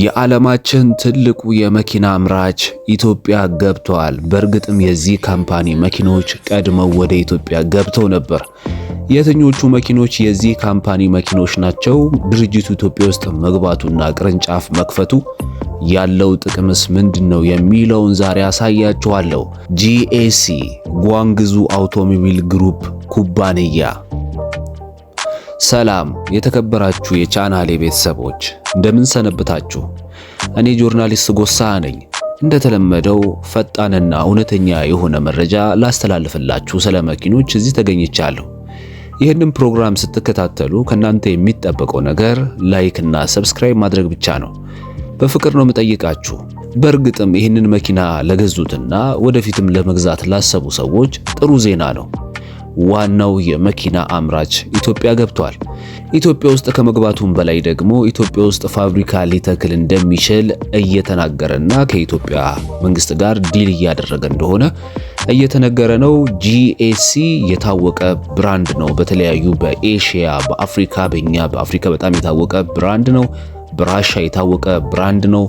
የዓለማችን ትልቁ የመኪና አምራች ኢትዮጵያ ገብቷል። በእርግጥም የዚህ ካምፓኒ መኪኖች ቀድመው ወደ ኢትዮጵያ ገብተው ነበር። የትኞቹ መኪኖች የዚህ ካምፓኒ መኪኖች ናቸው? ድርጅቱ ኢትዮጵያ ውስጥ መግባቱና ቅርንጫፍ መክፈቱ ያለው ጥቅምስ ምንድን ነው የሚለውን ዛሬ አሳያችኋለሁ። ጂኤሲ ጓንግዙ አውቶሞቢል ግሩፕ ኩባንያ ሰላም የተከበራችሁ የቻናሌ ቤተሰቦች እንደምን ሰነበታችሁ? እኔ ጆርናሊስት ጎሳ ነኝ። እንደተለመደው ፈጣንና እውነተኛ የሆነ መረጃ ላስተላልፍላችሁ ስለ መኪኖች እዚህ ተገኝቻለሁ። ይህንን ፕሮግራም ስትከታተሉ ከእናንተ የሚጠበቀው ነገር ላይክ እና ሰብስክራይብ ማድረግ ብቻ ነው። በፍቅር ነው የምጠይቃችሁ። በእርግጥም ይህንን መኪና ለገዙትና ወደፊትም ለመግዛት ላሰቡ ሰዎች ጥሩ ዜና ነው። ዋናው የመኪና አምራች ኢትዮጵያ ገብቷል። ኢትዮጵያ ውስጥ ከመግባቱም በላይ ደግሞ ኢትዮጵያ ውስጥ ፋብሪካ ሊተክል እንደሚችል እየተናገረና ከኢትዮጵያ መንግስት ጋር ዲል እያደረገ እንደሆነ እየተነገረ ነው። ጂኤሲ የታወቀ ብራንድ ነው። በተለያዩ በኤሽያ በአፍሪካ በኛ በአፍሪካ በጣም የታወቀ ብራንድ ነው። ብራሻ የታወቀ ብራንድ ነው።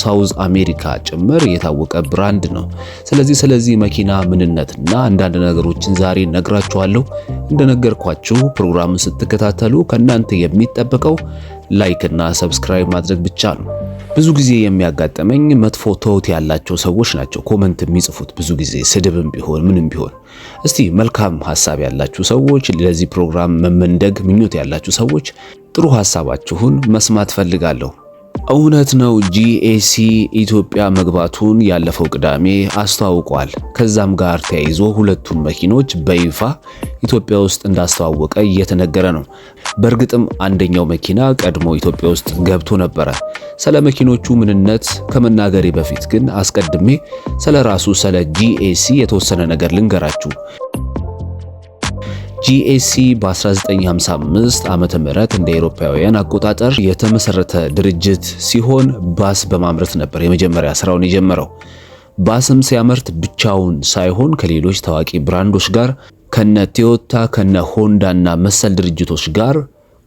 ሳውዝ አሜሪካ ጭምር የታወቀ ብራንድ ነው። ስለዚህ ስለዚህ መኪና ምንነትና አንዳንድ ነገሮችን ዛሬ ነግራችኋለሁ። እንደነገርኳችሁ ፕሮግራሙን ስትከታተሉ ከእናንተ የሚጠበቀው ላይክ እና ሰብስክራይብ ማድረግ ብቻ ነው። ብዙ ጊዜ የሚያጋጠመኝ መጥፎ ተውት ያላቸው ሰዎች ናቸው ኮመንት የሚጽፉት ብዙ ጊዜ ስድብም ቢሆን ምንም ቢሆን። እስቲ መልካም ሀሳብ ያላችሁ ሰዎች፣ ለዚህ ፕሮግራም መመንደግ ምኞት ያላችሁ ሰዎች ጥሩ ሐሳባችሁን መስማት ፈልጋለሁ። እውነት ነው ጂኤሲ ኢትዮጵያ መግባቱን ያለፈው ቅዳሜ አስተዋውቋል። ከዛም ጋር ተያይዞ ሁለቱን መኪኖች በይፋ ኢትዮጵያ ውስጥ እንዳስተዋወቀ እየተነገረ ነው። በእርግጥም አንደኛው መኪና ቀድሞ ኢትዮጵያ ውስጥ ገብቶ ነበረ። ስለ መኪኖቹ ምንነት ከመናገሬ በፊት ግን አስቀድሜ ስለ ራሱ ስለ ጂኤሲ የተወሰነ ነገር ልንገራችሁ። ጂኤሲ በ1955 ዓ ም እንደ አውሮፓውያን አቆጣጠር የተመሰረተ ድርጅት ሲሆን ባስ በማምረት ነበር የመጀመሪያ ስራውን የጀመረው። ባስም ሲያመርት ብቻውን ሳይሆን ከሌሎች ታዋቂ ብራንዶች ጋር ከነ ቶዮታ ከነ ሆንዳ እና መሰል ድርጅቶች ጋር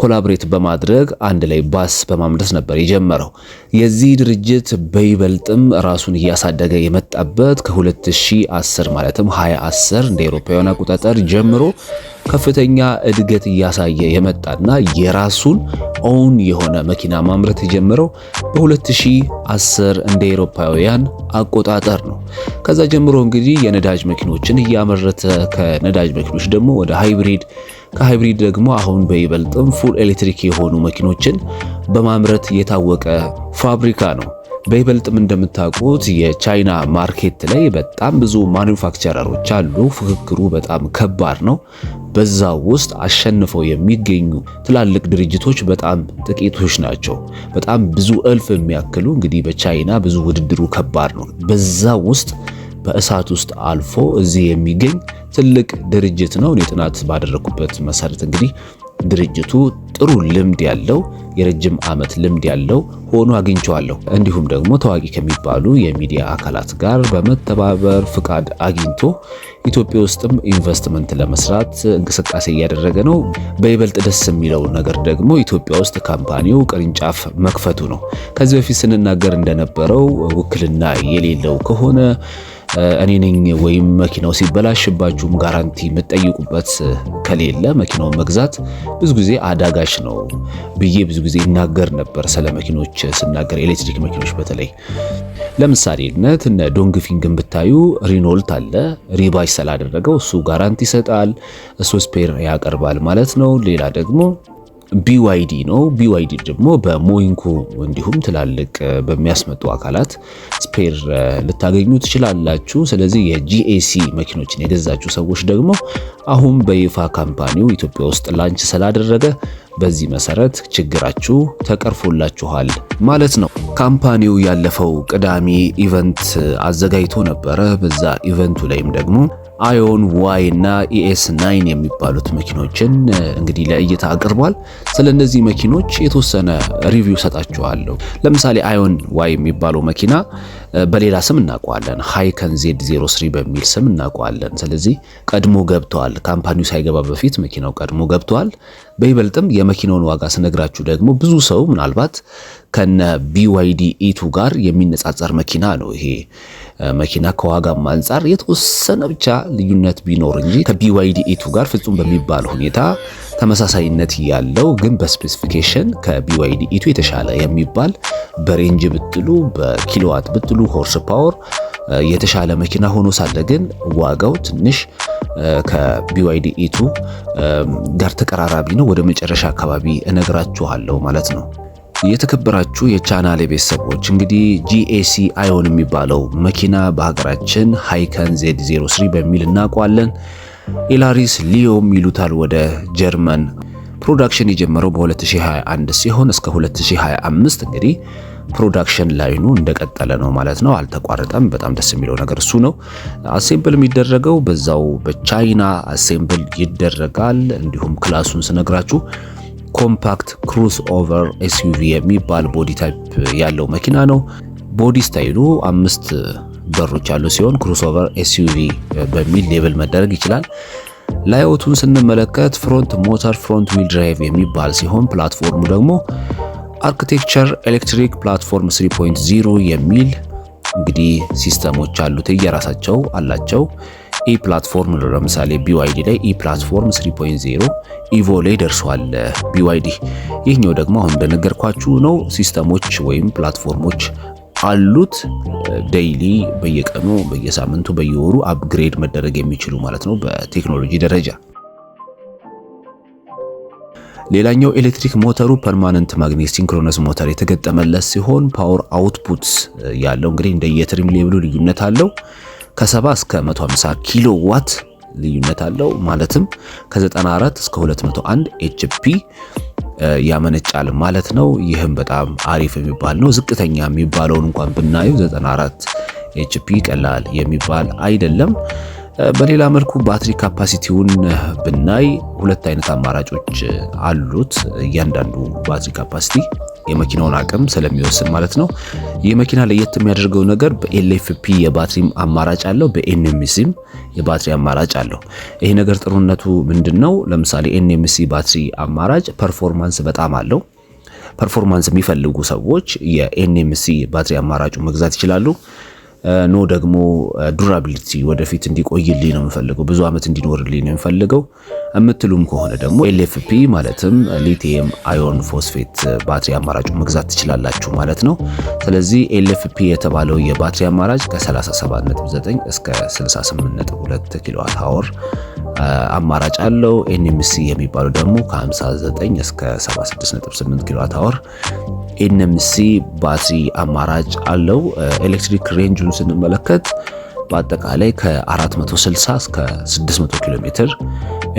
ኮላብሬት በማድረግ አንድ ላይ ባስ በማምረት ነበር የጀመረው። የዚህ ድርጅት በይበልጥም ራሱን እያሳደገ የመጣበት ከ2010 ማለትም 2010 እንደ አውሮፓውያን አቆጣጠር ጀምሮ ከፍተኛ እድገት እያሳየ የመጣና የራሱን ኦውን የሆነ መኪና ማምረት የጀመረው በ2010 እንደ አውሮፓውያን አቆጣጠር ነው። ከዛ ጀምሮ እንግዲህ የነዳጅ መኪኖችን እያመረተ ከነዳጅ መኪኖች ደግሞ ወደ ሃይብሪድ ከሃይብሪድ ደግሞ አሁን በይበልጥም ፉል ኤሌክትሪክ የሆኑ መኪኖችን በማምረት የታወቀ ፋብሪካ ነው። በይበልጥም እንደምታውቁት የቻይና ማርኬት ላይ በጣም ብዙ ማኒፋክቸረሮች አሉ። ፍክክሩ በጣም ከባድ ነው። በዛው ውስጥ አሸንፈው የሚገኙ ትላልቅ ድርጅቶች በጣም ጥቂቶች ናቸው። በጣም ብዙ እልፍ የሚያክሉ እንግዲህ በቻይና ብዙ ውድድሩ ከባድ ነው። በዛው ውስጥ በእሳት ውስጥ አልፎ እዚህ የሚገኝ ትልቅ ድርጅት ነው። እኔ ጥናት ባደረግኩበት መሰረት እንግዲህ ድርጅቱ ጥሩ ልምድ ያለው የረጅም ዓመት ልምድ ያለው ሆኖ አግኝቸዋለሁ። እንዲሁም ደግሞ ታዋቂ ከሚባሉ የሚዲያ አካላት ጋር በመተባበር ፍቃድ አግኝቶ ኢትዮጵያ ውስጥም ኢንቨስትመንት ለመስራት እንቅስቃሴ እያደረገ ነው። በይበልጥ ደስ የሚለው ነገር ደግሞ ኢትዮጵያ ውስጥ ካምፓኒው ቅርንጫፍ መክፈቱ ነው። ከዚህ በፊት ስንናገር እንደነበረው ውክልና የሌለው ከሆነ እኔ ነኝ ወይም መኪናው ሲበላሽባችሁም ጋራንቲ የምጠይቁበት ከሌለ መኪናውን መግዛት ብዙ ጊዜ አዳጋች ነው ብዬ ብዙ ጊዜ እናገር ነበር። ስለ መኪኖች ስናገር ኤሌክትሪክ መኪኖች በተለይ ለምሳሌነት እነ ዶንግፊንግን ብታዩ ሪኖልት አለ። ሪባጅ ስላደረገው እሱ ጋራንቲ ይሰጣል፣ ስፔር ያቀርባል ማለት ነው። ሌላ ደግሞ ቢዋይዲ ነው። ቢዋይዲ ደግሞ በሞይንኩ እንዲሁም ትላልቅ በሚያስመጡ አካላት ስፔር ልታገኙ ትችላላችሁ። ስለዚህ የጂኤሲ መኪኖችን የገዛችሁ ሰዎች ደግሞ አሁን በይፋ ካምፓኒው ኢትዮጵያ ውስጥ ላንች ስላደረገ በዚህ መሰረት ችግራችሁ ተቀርፎላችኋል ማለት ነው። ካምፓኒው ያለፈው ቅዳሜ ኢቨንት አዘጋጅቶ ነበረ። በዛ ኢቨንቱ ላይም ደግሞ አዮን ዋይ እና ኢኤስ ናይን የሚባሉት መኪኖችን እንግዲህ ለእይታ አቅርቧል። ስለ እነዚህ መኪኖች የተወሰነ ሪቪው ሰጣችኋለሁ። ለምሳሌ አዮን ዋይ የሚባለው መኪና በሌላ ስም እናውቀዋለን፣ ሃይከን ዜድ 03 በሚል ስም እናውቀዋለን። ስለዚህ ቀድሞ ገብተዋል። ካምፓኒው ሳይገባ በፊት መኪናው ቀድሞ ገብተዋል። በይበልጥም የመኪናውን ዋጋ ስነግራችሁ ደግሞ ብዙ ሰው ምናልባት ከነ ቢዋይዲ ኢቱ ጋር የሚነጻጸር መኪና ነው ይሄ መኪና ከዋጋም አንጻር የተወሰነ ብቻ ልዩነት ቢኖር እንጂ ከቢዋይዲ ኤቱ ጋር ፍጹም በሚባል ሁኔታ ተመሳሳይነት ያለው ግን በስፔሲፊኬሽን ከቢዋይዲ ኢቱ የተሻለ የሚባል በሬንጅ ብትሉ በኪሎዋት ብትሉ ሆርስ ፓወር የተሻለ መኪና ሆኖ ሳለ ግን ዋጋው ትንሽ ከቢዋይዲ ኢቱ ጋር ተቀራራቢ ነው። ወደ መጨረሻ አካባቢ እነግራችኋለሁ ማለት ነው። የተከበራችሁ የቻናሌ ቤተሰቦች እንግዲህ ጂኤሲ አዮን የሚባለው መኪና በሀገራችን ሃይከን ዜድ 03 በሚል እናውቀዋለን። ኢላሪስ ሊዮም ይሉታል። ወደ ጀርመን ፕሮዳክሽን የጀመረው በ2021 ሲሆን እስከ 2025 እንግዲህ ፕሮዳክሽን ላይኑ እንደቀጠለ ነው ማለት ነው። አልተቋረጠም። በጣም ደስ የሚለው ነገር እሱ ነው። አሴምብል የሚደረገው በዛው በቻይና አሴምብል ይደረጋል። እንዲሁም ክላሱን ስነግራችሁ ኮምፓክት ክሩዝ ኦቨር ኤስዩቪ የሚባል ቦዲ ታይፕ ያለው መኪና ነው። ቦዲ ስታይሉ አምስት በሮች ያሉ ሲሆን ክሩዝ ኦቨር ኤስዩቪ በሚል ሌብል መደረግ ይችላል። ላይወቱን ስንመለከት ፍሮንት ሞተር ፍሮንት ዊል ድራይቭ የሚባል ሲሆን ፕላትፎርሙ ደግሞ አርክቴክቸር ኤሌክትሪክ ፕላትፎርም 3.0 የሚል እንግዲህ ሲስተሞች አሉት የራሳቸው አላቸው። ኢ ፕላትፎርም ነው። ለምሳሌ ቢዋይዲ ላይ ኢ ፕላትፎርም 3.0 ኢቮ ላይ ደርሷል ቢዋይዲ። ይህኛው ደግሞ አሁን እንደነገርኳችሁ ነው። ሲስተሞች ወይም ፕላትፎርሞች አሉት ዴይሊ፣ በየቀኑ በየሳምንቱ በየወሩ አፕግሬድ መደረግ የሚችሉ ማለት ነው በቴክኖሎጂ ደረጃ። ሌላኛው ኤሌክትሪክ ሞተሩ ፐርማነንት ማግኔት ሲንክሮነስ ሞተር የተገጠመለት ሲሆን ፓወር አውትፑት ያለው እንግዲህ እንደየትሪም ሌብሉ ልዩነት አለው። ከ70 እስከ 150 ኪሎ ዋት ልዩነት አለው። ማለትም ከ94 እስከ 201 ኤችፒ ያመነጫል ማለት ነው። ይህም በጣም አሪፍ የሚባል ነው። ዝቅተኛ የሚባለውን እንኳን ብናየው 94 ኤችፒ ቀላል የሚባል አይደለም። በሌላ መልኩ ባትሪ ካፓሲቲውን ብናይ ሁለት አይነት አማራጮች አሉት። እያንዳንዱ ባትሪ ካፓሲቲ የመኪናውን አቅም ስለሚወስን ማለት ነው። ይህ መኪና ለየት የሚያደርገው ነገር በኤልኤፍፒ የባትሪም አማራጭ አለው፣ በኤንኤምሲም የባትሪ አማራጭ አለው። ይሄ ነገር ጥሩነቱ ምንድን ነው? ለምሳሌ ኤንኤምሲ ባትሪ አማራጭ ፐርፎርማንስ በጣም አለው። ፐርፎርማንስ የሚፈልጉ ሰዎች የኤንኤምሲ ባትሪ አማራጩ መግዛት ይችላሉ። ኖ ደግሞ ዱራቢሊቲ ወደፊት እንዲቆይልኝ ነው የምፈልገው፣ ብዙ ዓመት እንዲኖርልኝ ነው የምፈልገው የምትሉም ከሆነ ደግሞ ኤልኤፍፒ ማለትም ሊቲየም አዮን ፎስፌት ባትሪ አማራጩ መግዛት ትችላላችሁ ማለት ነው። ስለዚህ ኤልኤፍፒ የተባለው የባትሪ አማራጭ ከ37.9 እስከ 68.2 ኪሎዋት አወር አማራጭ አለው። ኤንኤምሲ የሚባለው ደግሞ ከ59 እስከ 76.8 ኪሎዋት አወር ኤንኤምሲ ባሲ አማራጭ አለው። ኤሌክትሪክ ሬንጁን ስንመለከት በአጠቃላይ ከ460 እስከ 600 ኪሎ ሜትር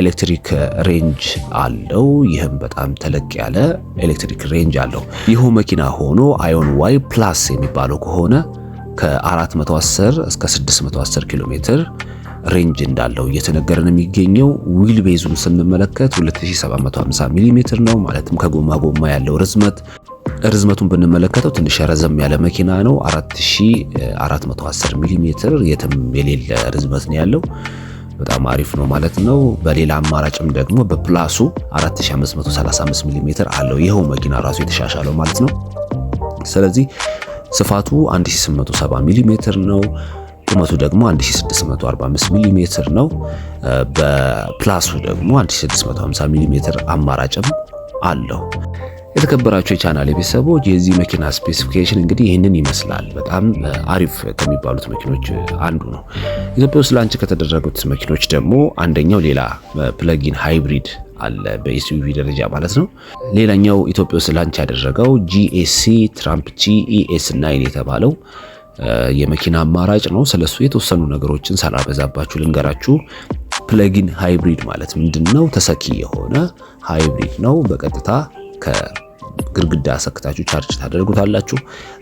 ኤሌክትሪክ ሬንጅ አለው። ይህም በጣም ተለቅ ያለ ኤሌክትሪክ ሬንጅ አለው። ይህ መኪና ሆኖ አዮን ዋይ ፕላስ የሚባለው ከሆነ ከ410 እስከ 610 ኪሎ ሜትር ሬንጅ እንዳለው እየተነገረ ነው የሚገኘው። ዊል ቤዙን ስንመለከት 2750 ሚሊ ሜትር ነው። ማለትም ከጎማ ጎማ ያለው ርዝመት ርዝመቱን ብንመለከተው ትንሽ ረዘም ያለ መኪና ነው። 4410 ሚሊ ሜትር የትም የሌለ ርዝመት ነው ያለው። በጣም አሪፍ ነው ማለት ነው። በሌላ አማራጭም ደግሞ በፕላሱ 4535 ሚሊ ሜትር አለው ይኸው መኪና ራሱ የተሻሻለው ማለት ነው። ስለዚህ ስፋቱ 1870 ሚሊ ሜትር ነው። ቁመቱ ደግሞ 1645 ሚሊ ሜትር ነው። በፕላሱ ደግሞ 1650 ሚሜ አማራጭም አለው። የተከበራቸው የቻናል ቤተሰቦች የዚህ መኪና ስፔሲፊኬሽን እንግዲህ ይህንን ይመስላል። በጣም አሪፍ ከሚባሉት መኪኖች አንዱ ነው። ኢትዮጵያ ውስጥ ላንች ከተደረጉት መኪኖች ደግሞ አንደኛው ሌላ ፕለጊን ሃይብሪድ አለ በኤስዩቪ ደረጃ ማለት ነው። ሌላኛው ኢትዮጵያ ውስጥ ላንች ያደረገው ጂኤሲ ትራምፕ ጂኢኤስ ናይን የተባለው የመኪና አማራጭ ነው። ስለሱ የተወሰኑ ነገሮችን ሳላበዛባችሁ ልንገራችሁ። ፕለጊን ሃይብሪድ ማለት ምንድን ነው? ተሰኪ የሆነ ሃይብሪድ ነው። በቀጥታ ግድግዳ ሰክታችሁ ቻርጅ ታደርጉታላችሁ።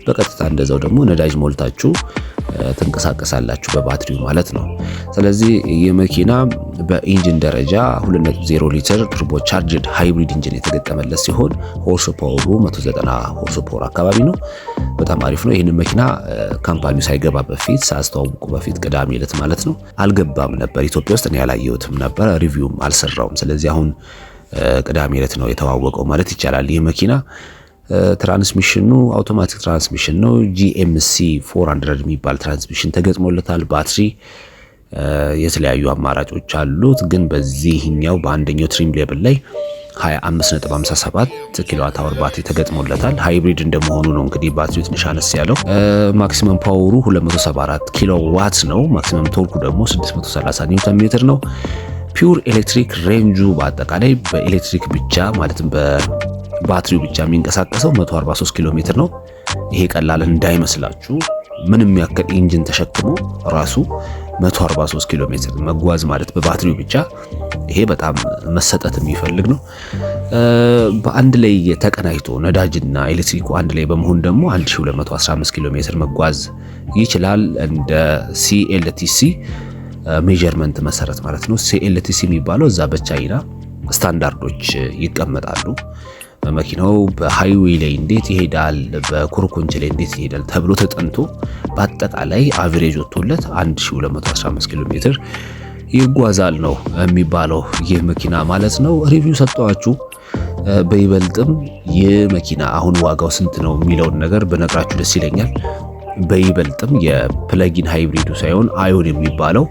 በቀጥታ እንደዛው ደግሞ ነዳጅ ሞልታችሁ ትንቀሳቀሳላችሁ በባትሪው ማለት ነው። ስለዚህ መኪና በኢንጂን ደረጃ 2.0 ሊትር ቱርቦ ቻርጅድ ሃይብሪድ ኢንጂን የተገጠመለት ሲሆን ሆርስ ፓወሩ 190 ሆርስ ፓወር አካባቢ ነው። በጣም አሪፍ ነው። ይህንን መኪና ካምፓኒው ሳይገባ በፊት ሳስተዋውቁ በፊት ቅዳሜ ዕለት ማለት ነው አልገባም ነበር ኢትዮጵያ ውስጥ እኔ ያላየሁትም ነበር፣ ሪቪውም አልሰራውም። ስለዚህ አሁን ቅዳሜ ዕለት ነው የተዋወቀው ማለት ይቻላል። ይህ መኪና ትራንስሚሽኑ አውቶማቲክ ትራንስሚሽን ነው። ጂኤምሲ 400 የሚባል ትራንስሚሽን ተገጥሞለታል። ባትሪ የተለያዩ አማራጮች አሉት፣ ግን በዚህኛው በአንደኛው ትሪም ሌብል ላይ 25.57 ኪሎዋት አወር ባትሪ ተገጥሞለታል። ሃይብሪድ እንደመሆኑ ነው እንግዲህ ባትሪው ትንሽ አነስ ያለው። ማክሲመም ፓወሩ 274 ኪሎዋት ነው። ማክሲመም ቶርኩ ደግሞ 630 ኒውተን ሜትር ነው። ፒውር ኤሌክትሪክ ሬንጁ በአጠቃላይ በኤሌክትሪክ ብቻ ማለትም በባትሪው ብቻ የሚንቀሳቀሰው 143 ኪሎ ሜትር ነው። ይሄ ቀላል እንዳይመስላችሁ ምንም ያክል ኢንጂን ተሸክሞ ራሱ 143 ኪሎ ሜትር መጓዝ ማለት በባትሪው ብቻ ይሄ በጣም መሰጠት የሚፈልግ ነው። በአንድ ላይ ተቀናጅቶ ነዳጅና ኤሌክትሪኩ አንድ ላይ በመሆን ደግሞ 1215 ኪሎ ሜትር መጓዝ ይችላል እንደ ሲኤልቲሲ ሜጀርመንት መሰረት ማለት ነው ሲኤልቲሲ የሚባለው እዛ በቻይና ስታንዳርዶች ይቀመጣሉ። መኪናው በሃይዌይ ላይ እንዴት ይሄዳል፣ በኮርኮንች ላይ እንዴት ይሄዳል ተብሎ ተጠንቶ በአጠቃላይ አቨሬጅ ወጥቶለት 1215 ኪሎ ሜትር ይጓዛል ነው የሚባለው ይህ መኪና ማለት ነው። ሪቪው ሰጠዋችሁ። በይበልጥም ይህ መኪና አሁን ዋጋው ስንት ነው የሚለውን ነገር በነግራችሁ ደስ ይለኛል። በይበልጥም የፕለጊን ሃይብሪዱ ሳይሆን አዮን የሚባለው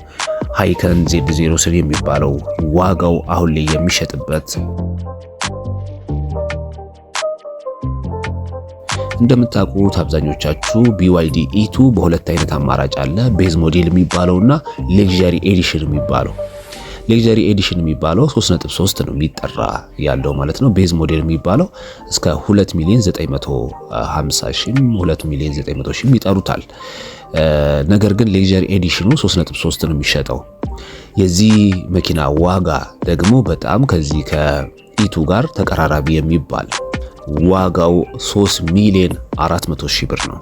ሃይከን ዜድ 03 የሚባለው ዋጋው አሁን ላይ የሚሸጥበት እንደምታውቁት አብዛኞቻችሁ ቢዋይዲ ኢቱ በሁለት አይነት አማራጭ አለ። ቤዝ ሞዴል የሚባለውና ሌክዠሪ ኤዲሽን የሚባለው ሌክዠሪ ኤዲሽን የሚባለው 3.3 ነው የሚጠራ ያለው ማለት ነው። ቤዝ ሞዴል የሚባለው እስከ 2 ሚሊዮን 950 ሺህ 2 ሚሊዮን 900 ሺህ ይጠሩታል። ነገር ግን ሌጀር ኤዲሽኑ 3.3 ነው የሚሸጠው። የዚህ መኪና ዋጋ ደግሞ በጣም ከዚህ ከኢቱ ጋር ተቀራራቢ የሚባል ዋጋው 3 ሚሊዮን 400 ሺህ ብር ነው።